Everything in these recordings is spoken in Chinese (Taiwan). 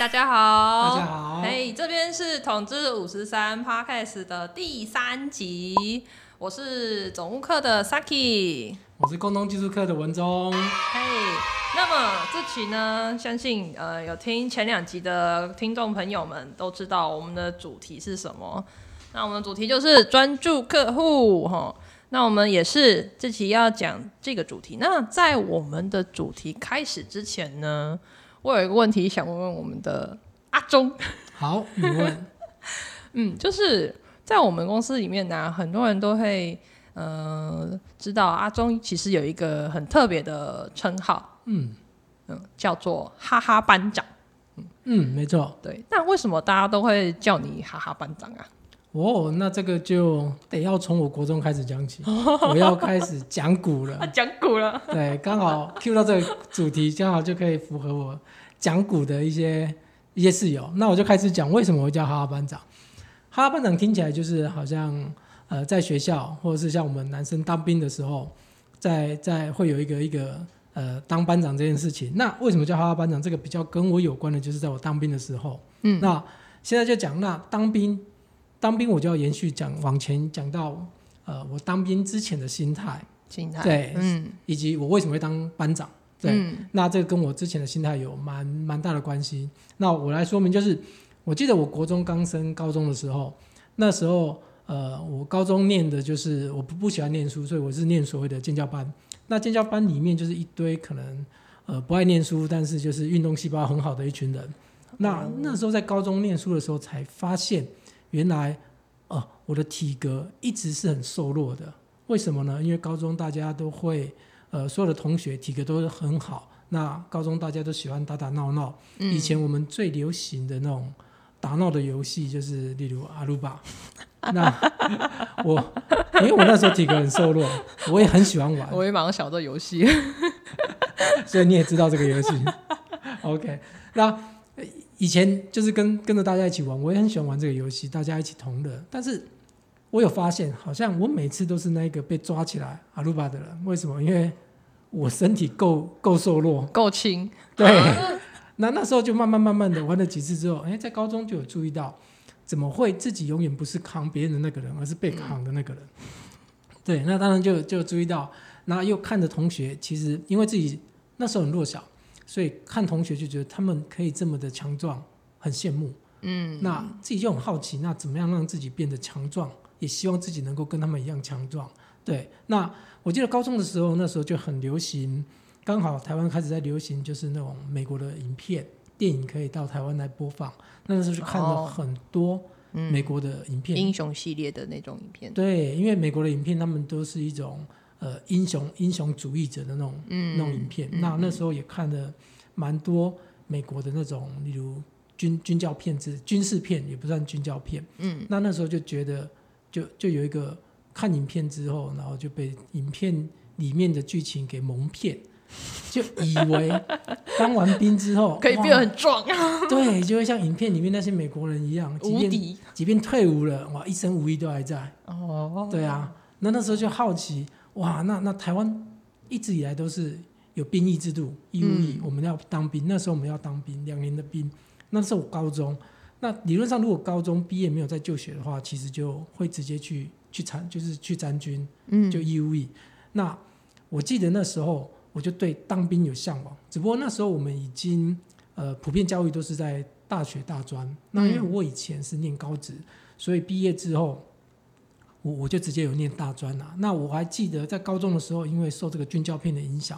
大家好，大家好，哎、hey,，這邊是統智五四三 Podcast 的第三集，我是總務課的 Saki，我是共同技術課的文忠嘿，hey, 那麼這期呢，相信呃有聽前兩集的聽眾朋友們都知道我們的主題是什麼，那我們的主題就是專注客戶哈，那我們也是這期要講這個主題，那在我們的主題開始之前呢，我有一個問題想問問我們的阿忠， 好，你問， 嗯，就是在我們公司裡面呢、啊，很多人都會嗯、呃、知道阿忠其實有一個很特別的稱號，嗯，嗯叫做哈哈班長，嗯嗯，沒錯，對，那為什麼大家都會叫你哈哈班長啊？哦，那這個就得要從我國中開始講起， 我要開始講古了。講 古了，對，剛好 Q 到這個主題，剛好就可以符合我講古的一些一些事由。那我就開始講，為什麼我會叫哈哈班長？哈哈班長聽起來就是好像呃，在學校或者是像我們男生當兵的時候，在在會有一個一個呃當班長這件事情。那為什麼叫哈哈班長？這個比較跟我有關的，就是在我當兵的時候。嗯，那現在就講那當兵。當兵，我就要延續講，往前講到，呃，我當兵之前的心態，心態對、嗯，以及我為什麼會當班長，對，嗯、那這個跟我之前的心態有蠻蠻大的關係。那我來說明，就是我記得我國中剛升高中的時候，那時候呃，我高中念的就是我不不喜歡念書，所以我是念所謂的建教班。那建教班裡面就是一堆可能呃不愛念書，但是就是運動細胞很好的一群人。嗯、那那時候在高中念書的時候才發現。原來，哦、呃，我的體格一直是很瘦弱的，為什麼呢？因為高中大家都會，呃，所有的同學體格都是很好。那高中大家都喜歡打打鬧鬧，嗯，以前我們最流行的那種打鬧的遊戲就是，例如阿魯巴。嗯、那我，因為我那時候體格很瘦弱，我也很喜歡玩。我，我也馬上想到這個遊戲了。 所以你也知道這個遊戲。 OK，那。以前就是跟跟着大家一起玩，我也很喜歡玩這個遊戲，大家一起同樂。但是，我有發現，好像我每次都是那個被抓起來阿魯巴的人。為什麼？因為我身體夠夠瘦弱，夠輕。對。 那那時候就慢慢慢慢的玩了幾次之後，哎，在高中就有注意到，怎麼會自己永遠不是扛別人的那個人，而是被扛的那個人？嗯、對。那當然就就注意到，那又看着同學，其實因為自己那時候很弱小。所以看同學就覺得他們可以這麼的強壯，很羨慕。嗯，那自己就很好奇，那怎麼樣讓自己變得強壯？也希望自己能夠跟他們一樣強壯。對，那我記得高中的時候，那時候就很流行，剛好台灣開始在流行就是那種美國的影片，電影可以到台灣來播放。那時候就看到很多美國的影片，英雄系列的那種影片。對，因為美國的影片他們都是一種。呃，英雄英雄主義者的那種、嗯、那種影片、嗯，那那時候也看了蠻多美國的那種，嗯、例如軍軍教片子、軍事片，也不算軍教片。嗯，那那時候就覺得就，就就有一個看影片之後，然後就被影片裡面的劇情給蒙騙，就以為當完兵之後 可以變得很壯、啊，對，就會像影片裡面那些美國人一樣即便無敵，即便退伍了，哇，一身武藝都還在。哦，對啊，那那時候就好奇。哇，那那台灣一直以來都是有兵役制度，義務役。我們要當兵，那時候我們要當兵兩年的兵。那時候我高中，那理論上如果高中畢業沒有再就學的話，其實就會直接去去參，就是去參軍，嗯，就義務役。那我記得那時候我就對當兵有嚮往，只不過那時候我們已經呃普遍教育都是在大學、大專。那因為我以前是念高職，所以畢業之後。我我就直接有念大專了，啊、那我還記得在高中的時候，因為受這個軍教片的影響，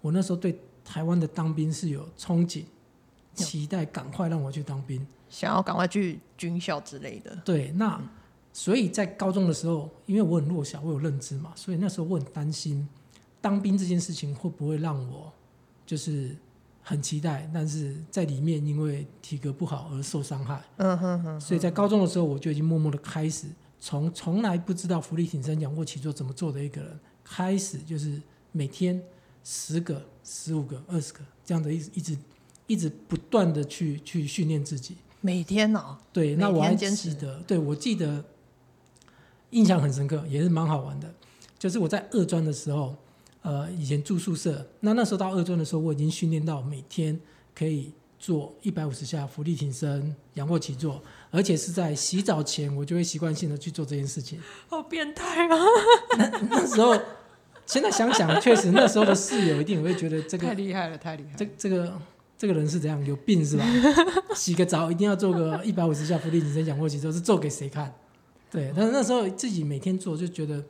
我那時候對台灣的當兵是有憧憬、期待，趕快讓我去當兵，想要趕快去軍校之類的。對，那所以在高中的時候，因為我很弱小，我有認知嘛，所以那時候我很擔心當兵這件事情會不會讓我就是很期待，但是在裡面因為體格不好而受傷害。嗯哼哼、嗯嗯嗯。所以在高中的時候，我就已經默默的開始。從從來不知道伏地挺身、仰臥起坐怎麼做的一個人，開始就是每天十個、十五個、二十個這樣的一直一直一直不斷的去去訓練自己。每天哦，對，那我還記得，對我記得印象很深刻，也是蠻好玩的。就是我在二專的時候，呃，以前住宿舍，那那時候到二專的時候，我已經訓練到每天可以。做一百五十下伏地挺身仰臥起坐，而且是在洗澡前，我就會習慣性的去做這件事情。好變態啊！那那時候，現在想想，確實那時候的室友一定也會覺得這個太厲害了，太厲害了。這這個這個人是怎樣？有病是吧？ 洗個澡一定要做個一百五十下伏地挺身仰臥起坐，是做給誰看？對。但是那時候自己每天做，就覺得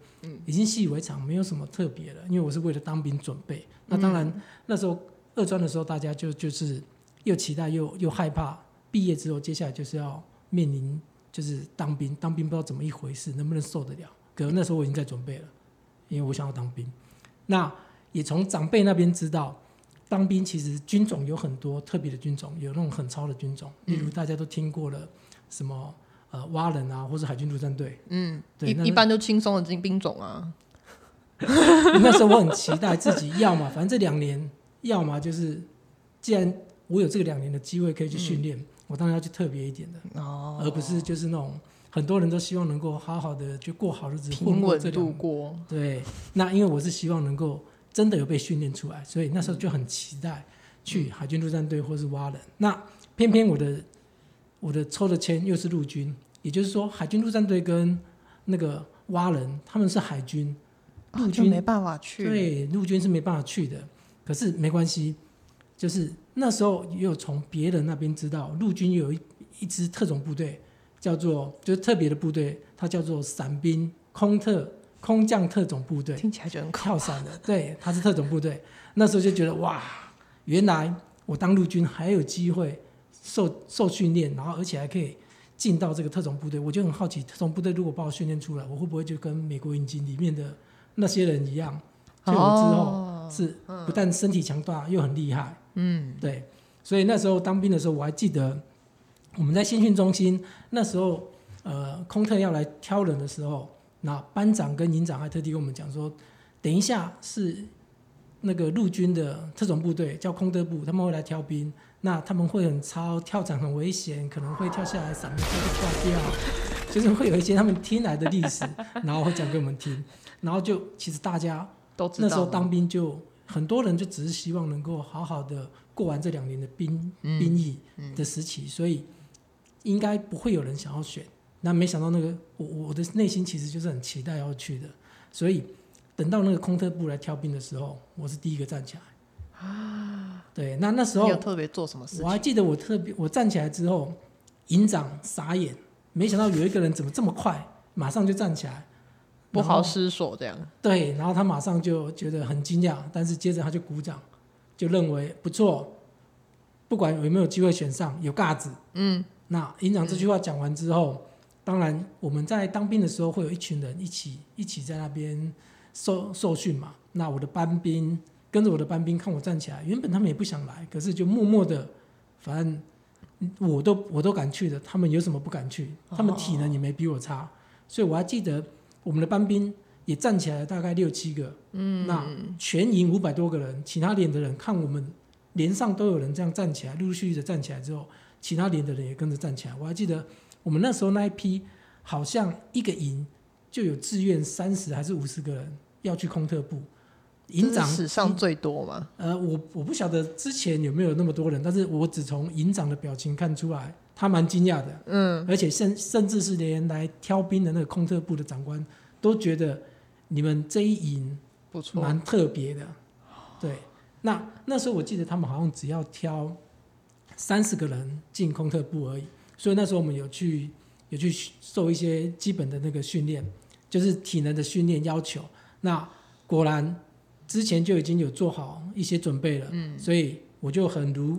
已經習以為常，沒有什麼特別了。因為我是為了當兵準備。那當然，嗯、那時候二專的時候，大家就就是。又期待又又害怕。畢業之後接下來就是要面臨就是當兵，當兵不知道怎麼一回事，能不能受得了？可那時候我已經在準備了，因為我想要當兵。那也從長輩那邊知道，當兵其實軍種有很多特別的軍種，有那種很超的軍種，嗯，比如大家都聽過了什麼呃蛙人啊，或者海軍陸戰隊。嗯，對一一般都輕鬆的軍兵種啊。 那時候我很期待自己要嘛，反正這兩年要嘛就是既然。我有這個兩年的機會可以去訓練，嗯，我當然要去特別一點的，哦，而不是就是那種很多人都希望能夠好好的去過好日子，平穩的度過。對，那因為我是希望能夠真的有被訓練出來，所以那時候就很期待去海軍陸戰隊或是蛙人，嗯。那偏偏我的我的抽的籤又是陸軍，也就是說海軍陸戰隊跟那個蛙人他們是海軍陸軍，哦，沒辦法去，對，陸軍是沒辦法去的。可是沒關係，就是。嗯那時候又從別人那邊知道，陸軍有一一支特種部隊，叫做就是特別的部隊，它叫做傘兵空特空降特種部隊，聽起來就很酷。跳傘的，對，它是特種部隊。 那時候就覺得哇，原來我當陸軍還有機會受受訓練，然後而且還可以進到這個特種部隊。我就很好奇，特種部隊如果把我訓練出來，我會不會就跟美國影集裡面的那些人一樣？哦、oh.。是，不但身體強大，又很厲害。嗯，對，所以那時候當兵的時候，我還記得我們在新訓中心，那時候呃空特要來挑人的時候，那班長跟營長還特地跟我們講說，等一下是那個陸軍的特種部隊叫空特部，他們會來挑兵，那他們會很超，跳傘很危險，可能會跳下來傘會壞掉，就是會有一些他們聽來的歷史，然後會講給我們聽，然後就其實大家。都那時候當兵就很多人就只是希望能夠好好的過完這兩年的兵、嗯、兵役的時期，所以應該不會有人想要選。那沒想到那個我我的內心其實就是很期待要去的，所以等到那個空特部來挑兵的時候，我是第一個站起來。啊，對，那那時候特別做什麼事情？我還記得我特別我站起來之後，營長傻眼，沒想到有一個人怎麼這麼快， 馬上就站起來。不好思索這樣，對，然後他馬上就覺得很驚訝，但是接着他就鼓掌，就認為不錯，不管有沒有機會選上，有咖子，嗯，那營長這句話講完之後、嗯，當然我們在當兵的時候會有一群人一起、嗯、一起在那邊受受訓嘛。那我的班兵跟着我的班兵看我站起來，原本他們也不想來，可是就默默的，反正我都我都敢去的，他們有什麼不敢去？他們體能也沒比我差，哦、所以我還記得。我們的班兵也站起來，大概六七個。嗯，那全營五百多個人，其他連的人看我們連上都有人這樣站起來，陸陸續續的站起來之後，其他連的人也跟着站起來。我還記得我們那時候那一批，好像一個營就有志願三十還是五十個人要去空特部。營長史上最多嗎？呃，我我不曉得之前有沒有那麼多人，但是我只從營長的表情看出來，他蠻驚訝的，嗯，而且甚甚至是連來挑兵的那個空特部的長官都覺得你們這一營不錯，蠻特別的，對。那那時候我記得他們好像只要挑三十個人進空特部而已，所以那時候我們有去有去受一些基本的那個訓練，就是體能的訓練要求。那果然。之前就已經有做好一些準備了，嗯、所以我就很如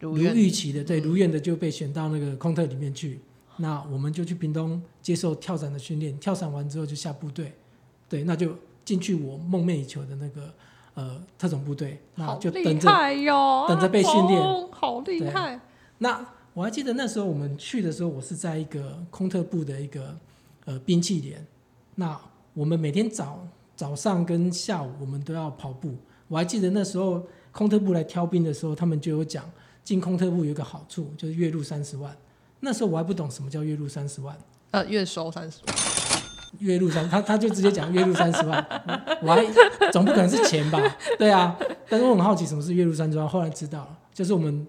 如預期的，對，如願的就被選到那個空特裡面去。嗯、那我們就去屏東接受跳傘的訓練，跳傘完之後就下部隊，對，那就進去我夢寐以求的那個呃特種部隊，那就等着等着被訓練，好厲害哦，好厲害。對，那我還記得那時候我們去的時候，我是在一個空特部的一個呃兵器連，那我們每天早。早上跟下午我們都要跑步。我還記得那時候空特部來挑兵的時候，他們就有講進空特部有一個好處，就是月入三十萬。那時候我還不懂什麼叫月入三十萬，呃，月收三十萬，月入三，他他就直接講月入三十萬，嗯，我還總不可能是錢吧？對啊，但是我很好奇什麼是月入三十萬，後來知道了，就是我們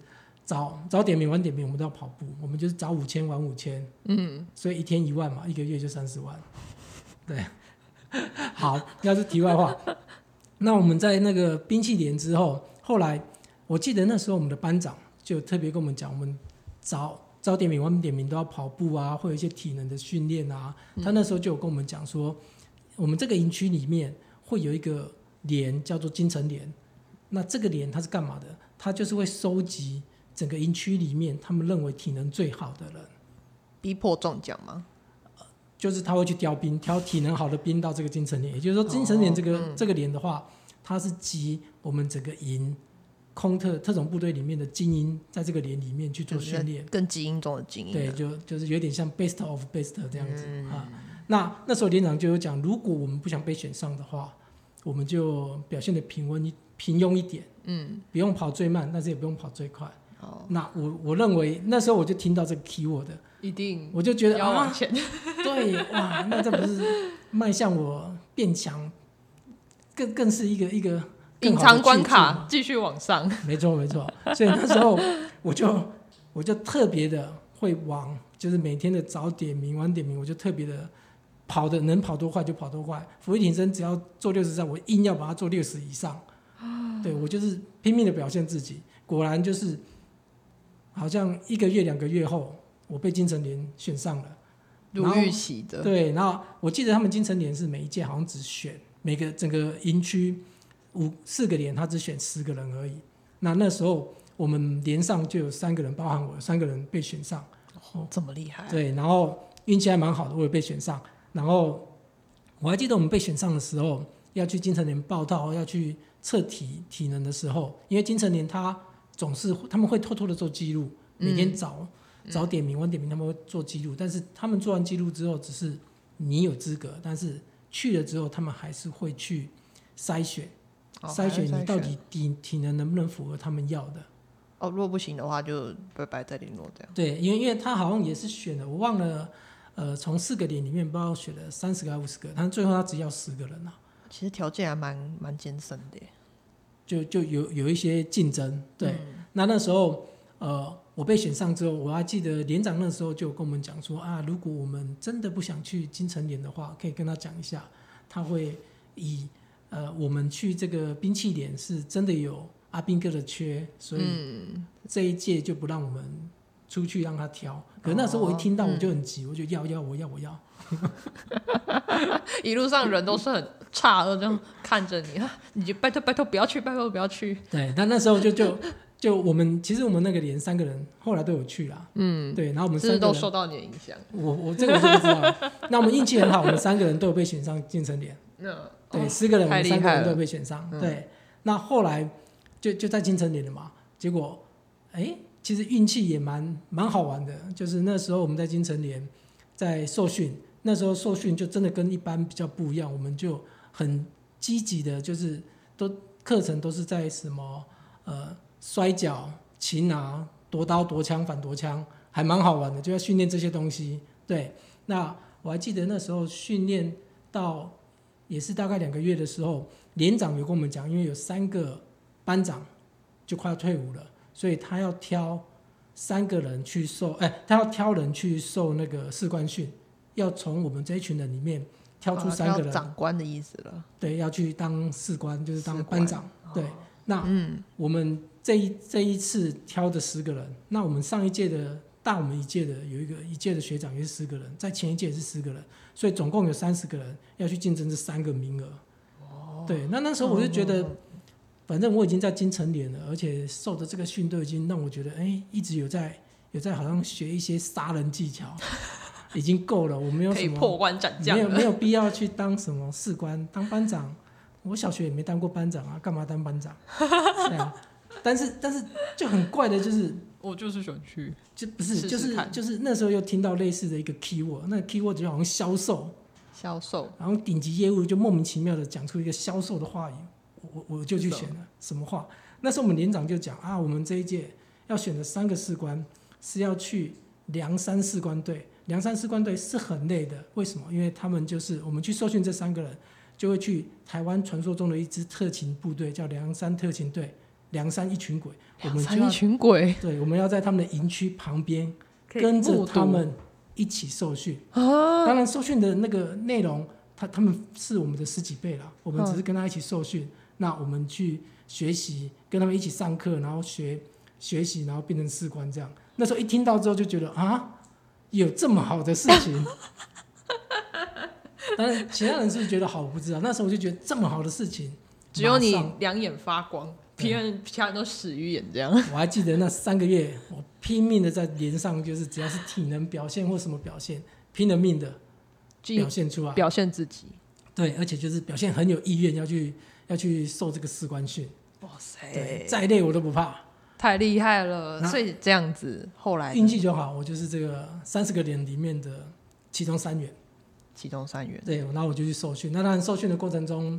早早點名晚點名，我們都要跑步，我們就是早五千晚五千，嗯，所以一天一萬嘛，一個月就三十萬，對。 好，那是題外話，那我們在那個兵器連之後，後來我記得那時候我們的班長就特別跟我們講，我們早早點名、晚點名都要跑步啊，會有一些體能的訓練啊。他那時候就有跟我們講說，我們這個營區裡面會有一個連叫做金城連，那這個連他是幹嘛的？他就是會收集整個營區裡面他們認為體能最好的人，逼迫中獎嗎？就是他會去調兵，調體能好的兵到這個精神連。也就是說，精神連這個、哦嗯、這個連的話，它是集我們整個營空特特種部隊裡面的精英，在這個連裡面去做訓練，跟精英中的精英。對，就就是有點像 best of best 這樣子、嗯、啊。那那時候連長就有講，如果我們不想被選上的話，我們就表現的平穩、平庸一點，嗯，不用跑最慢，但是也不用跑最快。那我我認為那時候我就聽到這個 keyword 的，一定我就覺得要往前，啊，對哇，那這不是邁向我變強，更更是一個一個隱藏關卡，繼續往上沒。沒錯沒錯，所以那時候我就我就特別的會往，就是每天的早點名晚點名，我就特別的跑的能跑多快就跑多快。伏地挺身只要做六十下，我硬要把它做六十以上，對我就是拼命的表現自己，果然就是。好像一個月、兩個月後，我被金城連選上了。魯豫奇的，對，然後我記得他們金城連是每一屆好像只選每個整個營區五四個連，他只選十個人而已。那那時候我們連上就有三個人，包含我三個人被選上。哦，這麼厲害。對，然後運氣還蠻好的，我也被選上。然後我還記得我們被選上的時候，要去金城連報到，要去測體體能的時候，因為金城連他。總是他們會偷偷的做記錄，每天早、嗯嗯、早點名晚點名，他們會做記錄。但是他們做完記錄之後，只是你有資格，但是去了之後，他們還是會去篩選，篩選、哦、篩選你到底體體能能不能符合他們要的。哦，如果不行的話，就拜拜再聯絡這樣。對，因為因為他好像也是選的，我忘了，呃，從四個點裡面不知道選了三十個還五十個，但最後他只要十個人啊。其實條件還蠻蠻艱深的。就就有有一些競爭，對、嗯。那那時候，呃，我被選上之後，我還記得連長那時候就跟我們講說啊，如果我們真的不想去金城連的話，可以跟他講一下，他會以呃，我們去這個兵器連是真的有阿兵哥的缺，所以這一屆就不讓我們出去讓他挑。可那時候我一聽到我就很急，哦，我就要要我要我要，我要我要 一路上人都是很差了，這樣看着你，你就拜託拜託不要去，拜託不要去。對，那那時候就就就我們，其實我們那個連三個人後來都有去啦。嗯，對，然後我們其實都受到你的影響。我我這個我就不知道了。 那我們運氣很好，我們三個人都有被選上金城連。嗯。對、哦，四個人我們三個人都有被選上。對，嗯、那後來就就在金城連了嘛。結果，哎、欸，其實運氣也蠻蠻好玩的。就是那時候我們在金城連在受訓，那時候受訓就真的跟一般比較不一樣，我們就。很積極的，就是都課程都是在什麼呃摔跤、擒拿、奪刀、奪槍、反奪槍，還蠻好玩的，就要訓練這些東西。對，那我還記得那時候訓練到也是大概兩個月的時候，連長有跟我們講，因為有三個班長就快要退伍了，所以他要挑三個人去受，哎、欸，他要挑人去受那個士官訓，要從我們這一群人裡面。挑出三個人，啊、長官的意思了，對，要去當士官，就是當班長。對，啊、那、嗯、我們這一這一次挑的十個人，那我們上一屆的大我們一屆的有一個一屆的學長也是十個人，在前一屆也是十個人，所以總共有三十個人要去競爭這三個名額，哦。對，那那時候我就覺得，哦，反正我已經在京城練了，而且受的這個訓都已經讓我覺得，哎、欸，一直有在有在好像學一些殺人技巧。 已經夠了，我沒有什麼，破關斬將沒有沒有必要去當什麼士官，當班長。我小學也沒當過班長啊，幹嘛當班長？ 對啊，但是，但是就很怪的就是，我就是選去，就不是試試就是就是那時候又聽到類似的一個 keyword，那 keyword 就好像銷售、銷售，然後頂級業務就莫名其妙的講出一個銷售的話語，我我就去選了。什麼話？那時候我們連長就講啊，我們這一屆要選的三個士官是要去梁山士官隊。梁山士官隊是很累的，為什麼？因為他們就是我們去受訓，這三個人就會去台灣傳說中的一支特勤部隊，叫梁山特勤隊。梁山一群鬼，梁山一群鬼，對，我們要在他們的營區旁邊跟着他們一起受訓、啊。當然，受訓的那個內容，他他們是我們的十幾倍了，我們只是跟他一起受訓、嗯。那我們去學習，跟他們一起上課，然後學學習，然後變成士官這樣。那時候一聽到之後就覺得啊。有這麼好的事情， 但是其他人是不是覺得好？不知道。那時候我就覺得這麼好的事情，只有你兩眼發光，別人其他人都死於眼死魚眼，這樣。我還記得那三個月， 我拼命的在連上，就是只要是體能表現或什麼表現，拼了命的表現出來表現自己。對，而且就是表現很有意願要去要去受這個士官訓。哇塞，對，對！再累我都不怕。太厲害了！啊，所以這樣子，後來運氣就好。我就是這個三十個人裡面的其中三員，其中三員。對，然後我就去受訓。那當然，受訓的過程中，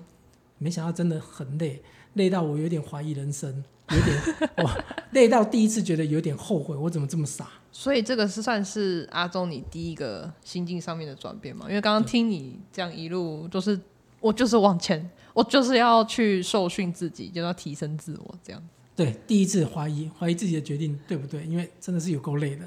沒想到真的很累，累到我有點懷疑人生，有點 哇，累到第一次覺得有點後悔，我怎麼這麼傻？所以這個是算是阿忠你第一個心境上面的轉變嘛？因為剛剛聽你這樣一路，就是我就是往前，我就是要去受訓自己，就是、要提升自我，這樣對，第一次懷疑懷疑自己的決定對不對？因為真的是有夠累的。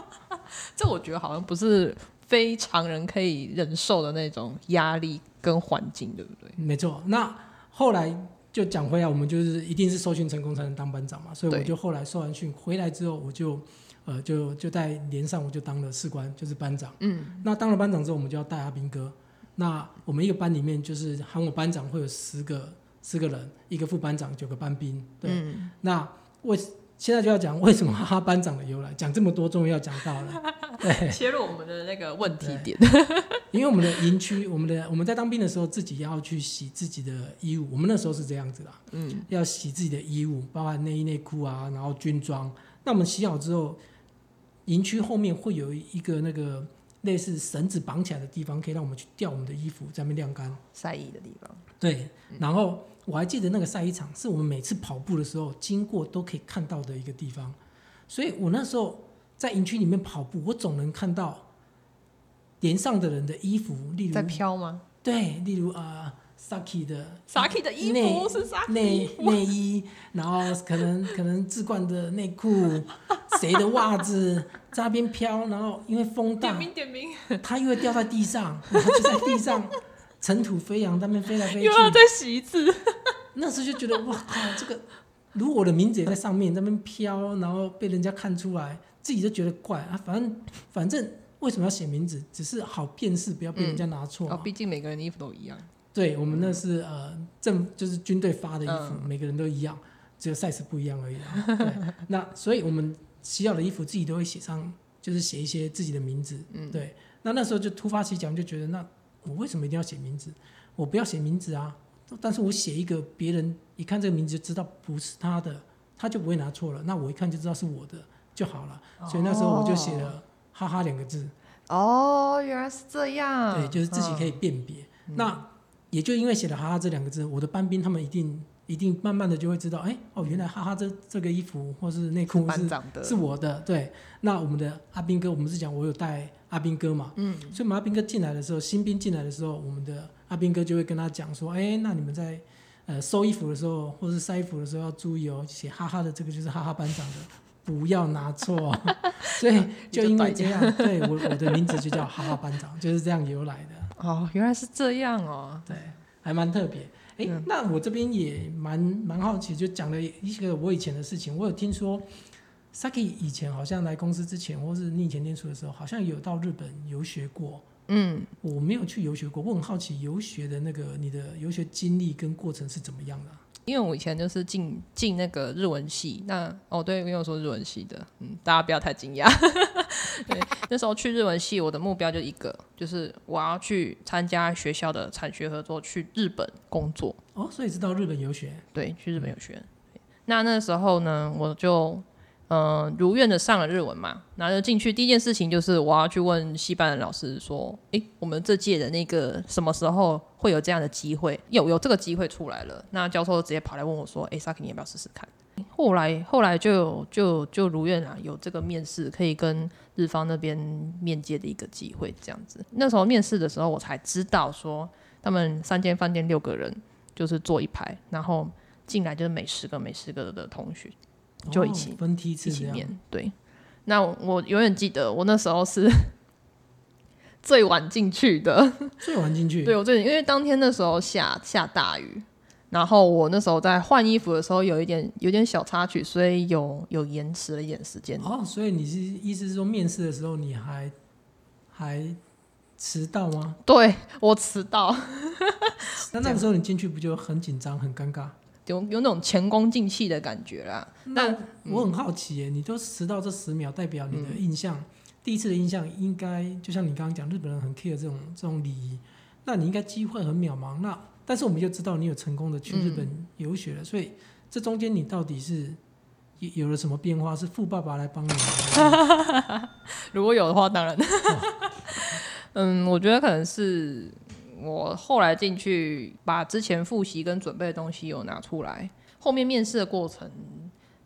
這我覺得好像不是非常人可以忍受的那種壓力跟環境，對不對？沒錯。那後來就講回來，我們就是一定是受訓成功才能當班長嘛，所以我就後來受完訓回來之後，我就呃就就在連上我就當了士官，就是班長。嗯。那當了班長之後，我們就要帶阿兵哥。那我們一個班裡面就是喊我班長會有十個。四個人，一個副班長，九個班兵。對，嗯、那為現在就要講為什麼哈哈班長的由來。講這麼多，終於要講到了，對， 切入我們的那個問題點。因為我們的營區，我們的我們在當兵的時候，自己要去洗自己的衣物。我們那時候是這樣子的，嗯，要洗自己的衣物，包括內衣內褲啊，然後軍裝。那我們洗好之後，營區後面會有一個那個類似繩子綁起來的地方，可以讓我們去吊我們的衣服，在那邊晾乾曬衣的地方。對，然後。嗯我還記得那個曬衣場是我們每次跑步的時候經過都可以看到的一個地方，所以我那時候在營區裡面跑步，我總能看到連上的人的衣服，例如在飄嗎？對，例如啊、呃、，Saki 的 Saki 的衣服內是 Saki 內衣，衣， 然後可能可能志冠的內褲，誰 的襪子在那邊飄，然後因為風大，點名，點名，它又會掉在地上，然後就在地上。 塵土飛揚，他們飛來飛去。又要再洗一次。 那時候就覺得，哇靠，這個，如果我的名字也在上面，那邊飄，然後被人家看出來，自己就覺得怪啊。反正，反正為什麼要寫名字？只是好辨識，不要被人家拿錯。畢、嗯哦、竟每個人的衣服都一樣。對我們那是呃，政就是軍隊發的衣服，嗯，每個人都一樣，只有 size 不一樣而已，對。那所以我們洗好的衣服自己都會寫上，就是寫一些自己的名字，嗯。對。那那時候就突發奇想，就覺得那。我為什麼一定要寫名字？我不要寫名字啊！但是我寫一個別人一看這個名字就知道不是他的，他就不會拿錯了。那我一看就知道是我的就好了。所以那時候我就寫了“哈哈”兩個字哦。哦，原來是這樣。對，就是自己可以辨別。哦。嗯。那也就因為寫了“哈哈”這兩個字，我的班兵他們一定。一定慢慢的就會知道，哎、欸，哦，原來哈哈這這個衣服或是內褲是是，是我的，對。那我們的阿兵哥，我們是講我有帶阿兵哥嘛，嗯。所以我們阿兵哥進來的時候，新兵進來的時候，我們的阿兵哥就會跟他講說，哎、欸，那你們在呃收衣服的時候或是塞衣服的時候要注意哦，寫哈哈的這個就是哈哈班長的，不要拿錯。哦。 所以就因為這樣，對我我的名字就叫哈哈班長，就是這樣由來的。哦，原來是這樣哦。對，還蠻特別。哎、欸，那我這邊也蠻蠻好奇，就講了一個我以前的事情。我有聽說，Saki 以前好像來公司之前，或是你以前唸書的時候，好像有到日本遊學過。嗯，我沒有去遊學過，我很好奇遊學的那個你的遊學經歷跟過程是怎麼樣的啊？因為我以前就是進進那個日文系，那哦對，因為我說日文系的，嗯，大家不要太驚訝。對， 那時候去日文系，我的目標就一個，就是我要去參加學校的產學合作，去日本工作。哦，所以知道日本遊學，對，去日本遊學。那、嗯、那時候呢，我就。嗯，如願的上了日文嘛，拿着進去，第一件事情就是我要去問西班牙老師說，哎，我們這屆的那個什麼時候會有這樣的機會？有有這個機會出來了，那教授直接跑來問我說，哎，Saki，你要不要試試看？後來後來就就就如願啊，有這個面試可以跟日方那邊面接的一個機會，這樣子。那時候面試的時候，我才知道說，他們三間飯店六個人就是坐一排，然後進來就是每十個每十個的同學。就一起、哦、分梯次這一起面對，那我，我永遠記得我那時候是最晚進去的，最晚進去。 對，我最因為當天那時候下下大雨，然後我那時候在換衣服的時候有一點有一點小插曲，所以有有延遲了一點時間。哦，所以你是意思是說面試的時候你還還遲到嗎？對，我遲到。 那那個時候你進去不就很緊張很尷尬？有有那種前功盡棄的感覺啦。但、嗯、我很好奇耶，你都遲到這十秒，代表你的印象、嗯，第一次的印象應該就像你剛剛講，日本人很 care 這種這種禮儀。那你應該機會很渺茫。那但是我們就知道你有成功的去日本遊學了、嗯，所以這中間你到底是有了什麼變化？是富爸爸來幫你的嗎？ 如果有的話，當然。嗯，我覺得可能是。我後來進去，把之前複習跟準備的東西有拿出來。後面面試的過程，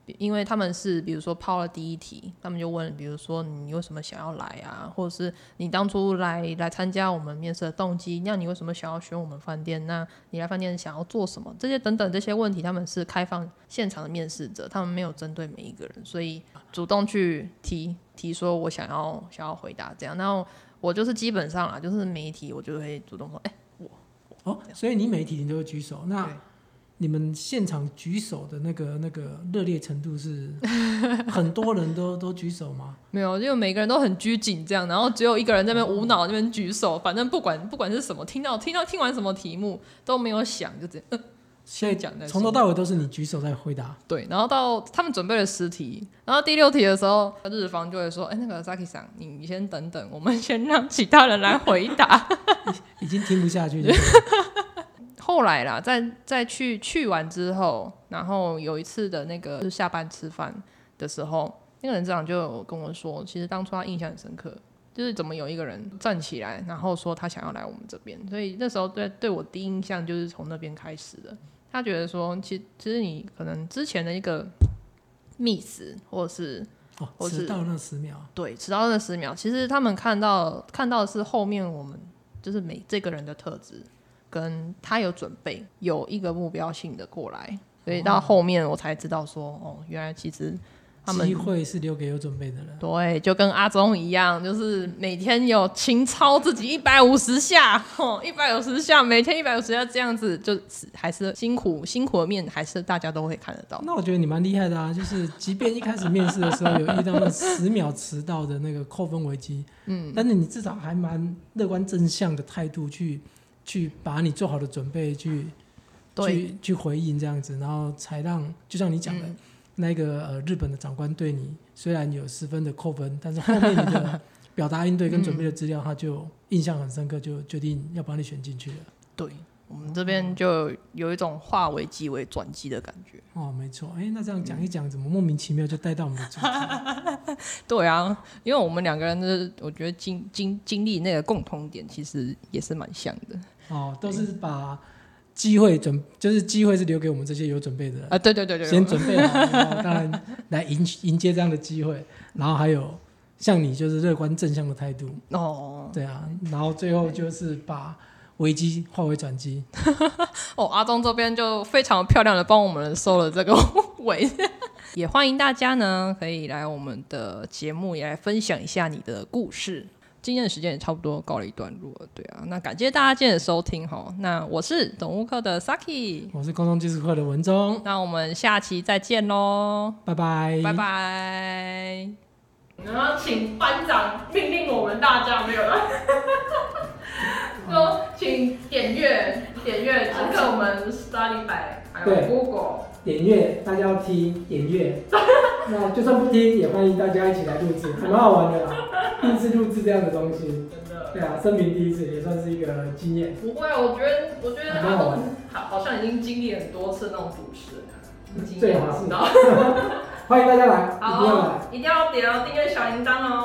因為他們是比如說拋了第一題，他們就問，比如說你為什麼想要來啊，或者是你當初來來參加我們面試的動機，那你為什麼想要選我們飯店？那你來飯店想要做什麼？這些等等這些問題，他們是開放現場的面試者，他們沒有針對每一個人，所以主動去提提說我想要想要回答這樣，然後。我就是基本上啊，就是每一題，我就會主動說，哎、欸，我。哦，所以你每一題你都會舉手？那你們現場舉手的那個那個熱烈程度是很多人都 都舉手嗎？沒有，就每個人都很拘謹這樣，然後只有一個人在那邊無腦、嗯、那邊舉手，反正不管不管是什麼，聽到聽到聽完什麼題目都沒有想，就這樣。 現在講，的，從頭到尾都是你舉手在回答。對，然後到他們準備了十題，然後第六題的時候，日方就會說：“哎、欸，那個 Saki 桑，你你先等等，我們先讓其他人來回答。 ”已經聽不下去了。 後來啦，在再去去完之後，然後有一次的那個就是下班吃飯的時候，那個人這樣就跟我說：“其實當初他印象很深刻，就是怎麼有一個人站起來，然後說他想要來我們這邊，所以那時候對對我第一印象就是從那邊開始的。”他覺得說，其其實你可能之前的一個 miss，或者是哦，遲到那十秒，對，遲到那十秒。其實他們看到看到的是後面我們就是每這個人的特質，跟他有準備，有一個目標性的過來，所以到後面我才知道說，哦，哦，哦，原來其實。機會是留給有準備的人。對，就跟阿忠一樣，就是每天有勤操自己一百五十下，一百五十下，每天一百五十下這樣子，就是還是辛苦，辛苦的面，還是大家都會看得到。那我覺得你蠻厲害的啊，就是即便一開始面試的時候有遇到了十秒遲到的那個扣分危機，嗯， 但是你至少還蠻樂觀正向的態度去去把你做好的準備去去去回應這樣子，然後才讓就像你講的。嗯那個呃，日本的長官對你雖然有十分的扣分，但是後面你的表達應對跟準備的資料、 嗯，他就印象很深刻，就決定要幫你選進去了。對、嗯、我們這邊就有一種化危機為轉機的感覺。哦，沒錯。哎、欸，那這樣講一講，怎麼莫名其妙就帶到我們的主題？ 對啊，因為我們兩個人的，我覺得經經經歷那個共同點，其實也是蠻像的。哦，都是把。機會準就是機會是留給我們這些有準備的人啊，對對對，對先準備好， 當然來迎迎接這樣的機會，然後還有像你就是樂觀正向的態度哦，對啊，然後最後就是把危機化為轉機。哦，okay。 哦，阿忠這邊就非常漂亮的幫我們收了這個尾， 也歡迎大家呢可以來我們的節目也來分享一下你的故事。今天的時間也差不多告了一段落，對啊，那感謝大家今天的收聽哦，那我是總務課的 Saki，我是公眾技術課的文忠，嗯，那我們下期再見嘍，拜拜拜拜，然後請班長命令我們大家，沒有了，說 請點閱點閱，請跟我們 Spotify 還有 Google 點閱，大家要聽點閱。 那、 啊、就算不聽，也歡迎大家一起來錄製，還蠻好玩的啦。 第一次錄製這樣的東西，真的，對啊，聲明第一次也算是一個經驗。不會啊，我覺得我覺得蠻好玩好，好像已經經歷很多次那種主持知道最好是， 歡迎大家來，好來一定要一定要點哦，訂閱小鈴鐺哦。